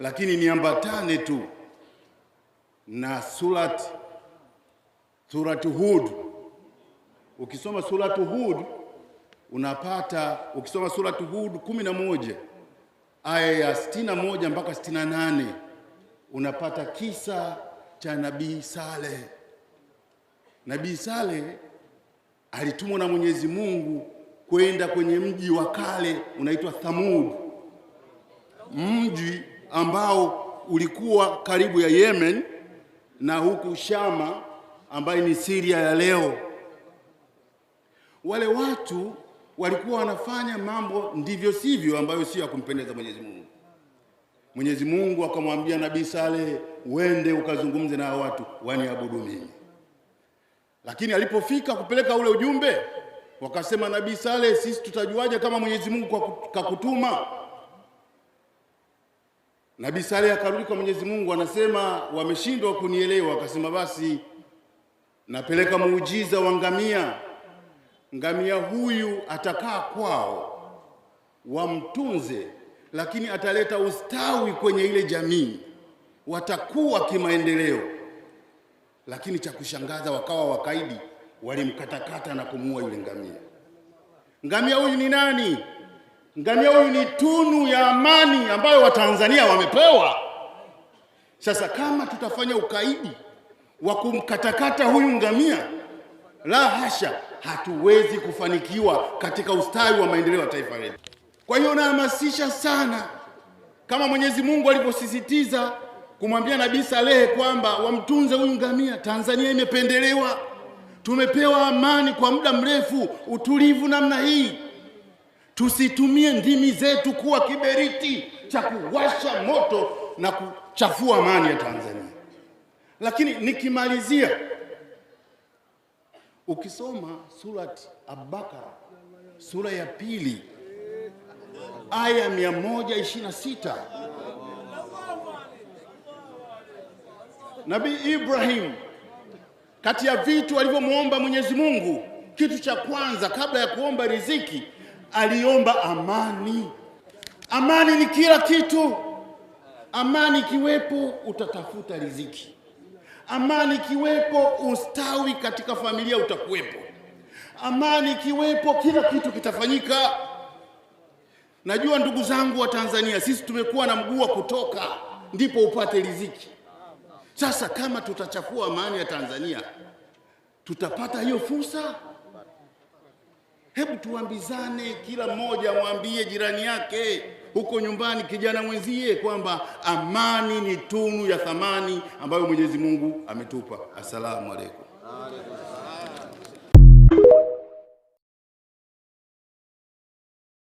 lakini niambatane tu na surat surat Hud. Ukisoma surat Hud unapata, ukisoma surat Hud kumi na moja aya ya sitini na moja mpaka sitini na nane unapata kisa cha nabii Saleh. Nabii Saleh alitumwa na Mwenyezi Mungu kwenda kwenye mji wa kale unaitwa Thamud, mji ambao ulikuwa karibu ya Yemen na huku Shama ambayo ni Syria ya leo. Wale watu walikuwa wanafanya mambo ndivyo sivyo, ambayo sio ya kumpendeza Mwenyezi Mungu. Mwenyezi Mungu akamwambia Nabii Saleh, uende ukazungumze na watu waniabudu mimi. Lakini alipofika kupeleka ule ujumbe, wakasema Nabii Saleh, sisi tutajuaje kama Mwenyezi Mungu kakutuma? Nabii Saleh akarudi kwa Mwenyezi Mungu, anasema wameshindwa kunielewa. Akasema basi napeleka muujiza wa ngamia, ngamia huyu atakaa kwao wamtunze, lakini ataleta ustawi kwenye ile jamii, watakuwa kimaendeleo. Lakini cha kushangaza, wakawa wakaidi, walimkatakata na kumuua yule ngamia. Ngamia huyu ni nani? ngamia huyu ni tunu ya amani ambayo Watanzania wamepewa. Sasa kama tutafanya ukaidi wa kumkatakata huyu ngamia, la hasha, hatuwezi kufanikiwa katika ustawi wa maendeleo ya taifa letu. Kwa hiyo nahamasisha sana, kama Mwenyezi Mungu alivyosisitiza kumwambia Nabii Salehe kwamba wamtunze huyu ngamia. Tanzania imependelewa, tumepewa amani kwa muda mrefu, utulivu namna hii Tusitumie ndimi zetu kuwa kiberiti cha kuwasha moto na kuchafua amani ya Tanzania. Lakini nikimalizia, ukisoma surati Abubakara sura ya pili aya 126 Nabii Ibrahim kati ya vitu alivyomwomba Mwenyezi Mungu, kitu cha kwanza kabla ya kuomba riziki aliomba amani. Amani ni kila kitu. Amani ikiwepo, utatafuta riziki. Amani ikiwepo, ustawi katika familia utakuwepo. Amani ikiwepo, kila kitu kitafanyika. Najua ndugu zangu wa Tanzania, sisi tumekuwa na mguu wa kutoka ndipo upate riziki. Sasa kama tutachafua amani ya Tanzania, tutapata hiyo fursa? Hebu tuambizane, kila mmoja mwambie jirani yake huko nyumbani, kijana mwenzie, kwamba amani ni tunu ya thamani ambayo Mwenyezi Mungu ametupa. Asalamu alaykum.